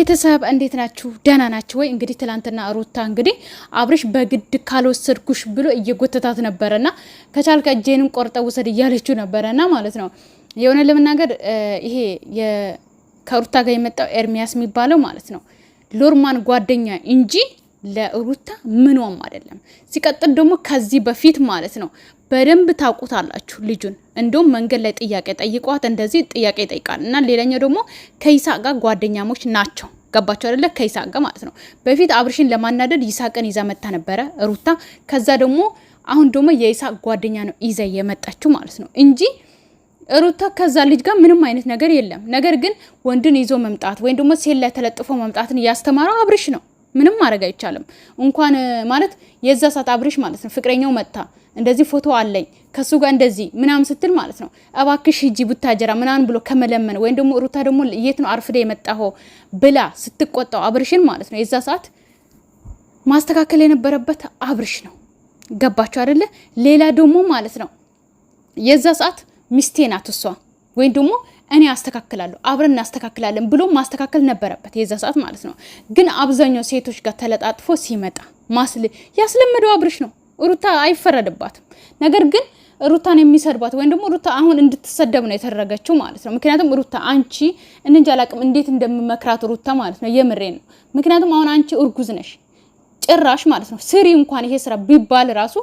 ቤተሰብ እንዴት ናችሁ? ደህና ናችሁ ወይ? እንግዲህ ትላንትና ሩታ እንግዲህ አብርሽ በግድ ካልወሰድኩሽ ብሎ እየጎተታት ነበረና ከቻልከ እጄንም ቆርጠ ውሰድ እያለችው ነበረና ማለት ነው። የሆነ ለመናገር ይሄ ከሩታ ጋር የመጣው ኤርሚያስ የሚባለው ማለት ነው ሎርማን ጓደኛ እንጂ ለሩታ ምኗም አይደለም። ሲቀጥል ደግሞ ከዚህ በፊት ማለት ነው በደንብ ታውቁታላችሁ ልጁን። እንዲሁም መንገድ ላይ ጥያቄ ጠይቋት እንደዚህ ጥያቄ ይጠይቃል እና ሌላኛው ደግሞ ከይሳቅ ጋር ጓደኛሞች ናቸው። ገባቸው አይደለ? ከይሳቅ ጋር ማለት ነው። በፊት አብርሽን ለማናደድ ይሳቅን ይዛ መታ ነበረ ሩታ። ከዛ ደግሞ አሁን ደግሞ የይሳቅ ጓደኛ ነው ይዛ የመጣችው ማለት ነው እንጂ ሩታ ከዛ ልጅ ጋር ምንም አይነት ነገር የለም። ነገር ግን ወንድን ይዞ መምጣት ወይም ደግሞ ሴት ላይ ተለጥፎ መምጣትን እያስተማረው አብርሽ ነው። ምንም ማድረግ አይቻልም። እንኳን ማለት የዛ ሰዓት አብርሽ ማለት ነው ፍቅረኛው መታ እንደዚህ ፎቶ አለኝ ከሱ ጋር እንደዚህ ምናምን ስትል ማለት ነው እባክሽ ሂጂ ቡታጀራ ምናምን ብሎ ከመለመን ወይም ደግሞ ሩታ ደግሞ የት ነው አርፍደ የመጣሆ ብላ ስትቆጣው አብርሽን ማለት ነው የዛ ሰዓት ማስተካከል የነበረበት አብርሽ ነው። ገባችሁ አይደለ? ሌላ ደግሞ ማለት ነው የዛ ሰዓት ሚስቴ ናት እሷ ወይም ደግሞ እኔ አስተካክላለሁ፣ አብረን እናስተካክላለን ብሎ ማስተካከል ነበረበት የዛ ሰዓት ማለት ነው። ግን አብዛኛው ሴቶች ጋር ተለጣጥፎ ሲመጣ ማስል ያስለመደው አብርሽ ነው። ሩታ አይፈረድባትም። ነገር ግን ሩታን የሚሰድባት ወይም ደግሞ ሩታ አሁን እንድትሰደብ ነው የተደረገችው ማለት ነው። ምክንያቱም ሩታ አንቺ እንንጃ አላቅም እንዴት እንደምመክራት ሩታ ማለት ነው። የምሬ ነው። ምክንያቱም አሁን አንቺ እርጉዝ ነሽ ጭራሽ ማለት ነው። ስሪ እንኳን ይሄ ስራ ቢባል ራሱ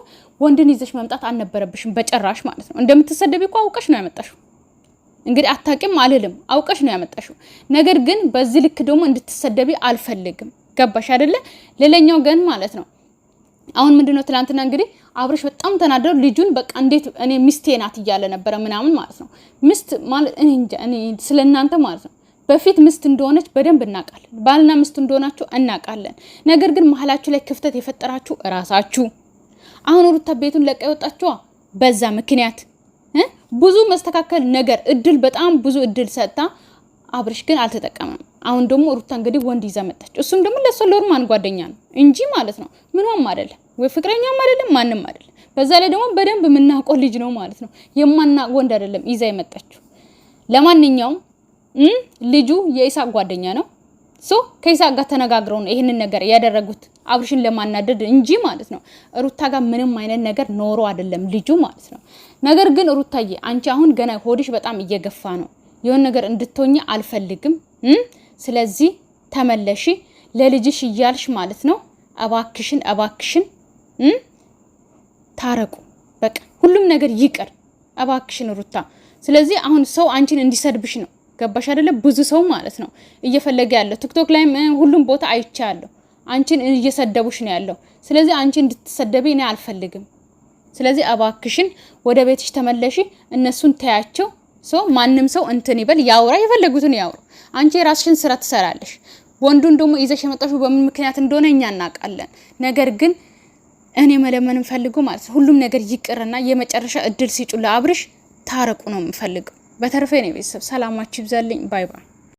ወንድን ይዘሽ መምጣት አልነበረብሽም በጭራሽ ማለት ነው። እንደምትሰደብ እኮ አውቀሽ ነው ያመጣሽው። እንግዲህ አታቂም አልልም፣ አውቀሽ ነው ያመጣሽው። ነገር ግን በዚህ ልክ ደግሞ እንድትሰደቢ አልፈልግም። ገባሽ አይደለ? ሌላኛው ግን ማለት ነው አሁን ምንድነው ትናንትና እንግዲህ አብረሽ በጣም ተናደሩ። ልጁን በቃ እንዴት እኔ ሚስቴ ናት እያለ ነበረ ምናምን ማለት ነው። ሚስት ማለት እኔ ስለ እናንተ ማለት ነው በፊት ሚስት እንደሆነች በደንብ እናውቃለን። ባልና ሚስት እንደሆናችሁ እናውቃለን። ነገር ግን መሀላችሁ ላይ ክፍተት የፈጠራችሁ እራሳችሁ። አሁን ሩታ ቤቱን ለቀ የወጣችዋ በዛ ምክንያት ብዙ መስተካከል ነገር እድል በጣም ብዙ እድል ሰጥታ አብርሽ ግን አልተጠቀመም። አሁን ደግሞ ሩታ እንግዲህ ወንድ ይዛ መጣች። እሱም ደግሞ ለእሷ ለሮማን ጓደኛ ነው እንጂ ማለት ነው ምንም አይደለም፣ ወይ ፍቅረኛም አይደለም፣ ማንም አይደለም። በዛ ላይ ደግሞ በደንብ የምናውቀው ልጅ ነው ማለት ነው። የማናውቅ ወንድ አይደለም ይዛ የመጣችው። ለማንኛውም ልጁ የኢሳቅ ጓደኛ ነው። ሶ ከይሳቅ ጋር ተነጋግረው ነው ይህንን ነገር ያደረጉት አብርሽን ለማናደድ እንጂ ማለት ነው። ሩታ ጋር ምንም አይነት ነገር ኖሮ አይደለም ልጁ ማለት ነው። ነገር ግን ሩታዬ አንቺ አሁን ገና ሆድሽ በጣም እየገፋ ነው። የሆነ ነገር እንድትሆኝ አልፈልግም። ስለዚህ ተመለሺ ለልጅሽ እያልሽ ማለት ነው። እባክሽን እባክሽን ታረቁ። በቃ ሁሉም ነገር ይቅር እባክሽን ሩታ። ስለዚህ አሁን ሰው አንቺን እንዲሰድብሽ ነው ገባሽ አይደለም? ብዙ ሰው ማለት ነው እየፈለገ ያለው ቲክቶክ ላይም ሁሉም ቦታ አይቻለሁ። አንቺን እየሰደቡሽ ነው ያለው። ስለዚህ አንቺ እንድትሰደቢ እኔ አልፈልግም። ስለዚህ እባክሽን ወደ ቤትሽ ተመለሺ። እነሱን ተያቸው። ሰው ማንም ሰው እንትን ይበል ያውራ፣ የፈለጉትን ያውሩ። አንቺ የራስሽን ስራ ትሰራለሽ። ወንዱን ደግሞ ይዘሽ የመጣሽው በምን ምክንያት እንደሆነ እኛ እናውቃለን። ነገር ግን እኔ መለመን ፈልገው ማለት ነው ሁሉም ነገር ይቅርና የመጨረሻ እድል ሲጩ ለአብርሽ ታረቁ ነው የምፈልገው። በተረፈ ነው ቤተሰብ ሰላማችሁ ይብዛልኝ። ባይ ባይ